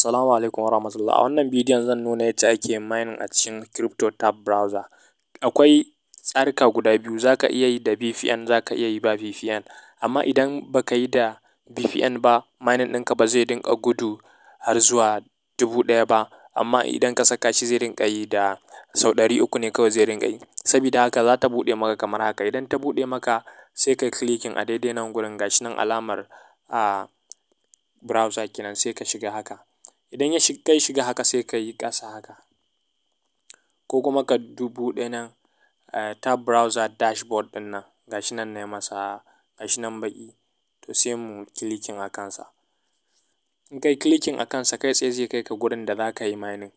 Assalamu alaikum warahmatullah. A wannan bidiyon zan nuna yadda ake mining a cikin CryptoTab browser. Akwai tsarka guda biyu, za ka iya yi da VPN, za ka iya yi ba VPN. Amma idan baka yi da VPN ba, mining ɗinka ba zai dinga gudu har zuwa dubu ɗaya ba. Amma idan ka saka shi zai dinga yi da sau ɗari uku ne kawai zai dinga yi. Sabida haka za ta buɗe maka kamar haka. Idan ta buɗe maka sai ka clicking a daidai nan gurin gashi alamar, a ah, browser kenan sai ka shiga haka. idan ya kai shiga haka sai ka yi ƙasa haka ko kuma ka dubuɗe nan eh, ta browser dashboard ɗin nan gashi nan na yi masa gashi nan baƙi to sai mu clicking a kansa in kai clicking a kansa kai tsaye zai kai ka gurin da za ka yi mining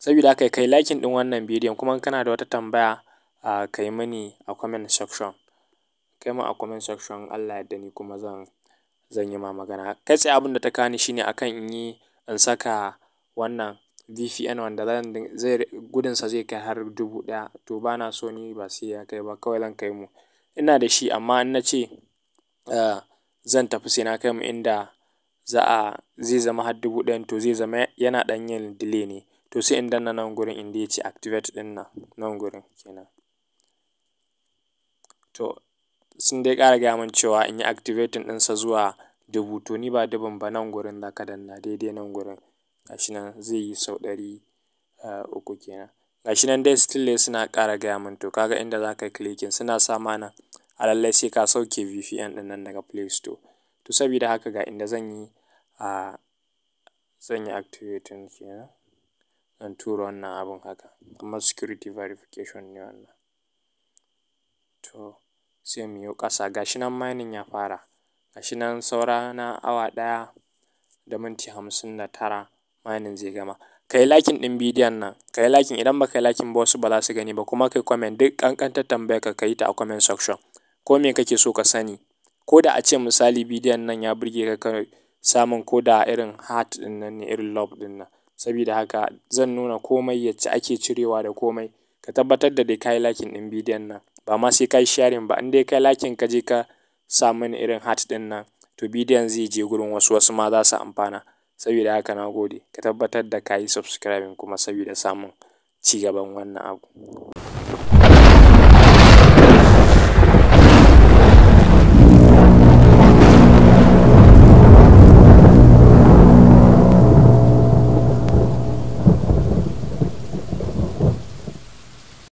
sabida haka kai likin ɗin wannan bidiyon kuma kana da wata tambaya ah, kai mini a comment section kai mu a comment section Allah ya yarda ni kuma zan zan yi ma magana. Kai tsaye abin da ta kani shi shine akan in yi, in saka wannan VPN wanda zan din, zai, gudunsa zai kai har dubu ɗaya. To ba na so ni ba sai ya kai ba kawai zan kai mu. Ina da shi amma in na ce, ah, zan tafi sai na kai mu inda za'a, zai zama har dubu ɗaya to zai zama yana ɗan yin delay ne. To sai in danna nan gurin inda ce activate ɗin nan, nan gurin kenan. To. sun dai kara gaya min cewa in yi activating ɗinsa zuwa dubu. To ni ba dubun ba nan gurin za ka danna daidai nan gurin. Gashi nan zai yi sau ɗari, eh, uku kenan. Gashi nan dai still dai suna kara gaya min. To kaga inda za ka yi clicking suna sama mana A lallai sai ka sauke VPN ɗin nan daga Play Store. To sabida haka ga inda zan yi, a zan yi activating kenan. Zan tura wannan abun haka. Amma security verification ne wannan. To. sai mu yo ƙasa. Gashi nan mining ya fara. Gashi nan saura na awa ɗaya da minti hamsin da tara mining zai gama. Ka yi lakin ɗin bidiyon nan, ka yi lakin idan ba ka yi lakin ba wasu ba za su gani ba kuma ka yi comment duk ƙanƙantar tambayar ka kai ta a comment section. Ko me kake so ka sani? Ko da a ce misali bidiyon nan ya burge ka ka samun ko da irin heart ɗin nan ne irin love ɗin nan. Sabida haka zan nuna komai yacce ake cirewa da komai. Ka tabbatar da dai ka yi ɗin bidiyon nan. ba ma sai ka yi sharing ba in dai kai lakin ka je ka sa irin hat din nan to bidiyon zai je gurin wasu wasu ma za su amfana saboda haka na gode ka tabbatar da ka yi subscribing kuma saboda samun cigaban wannan abu.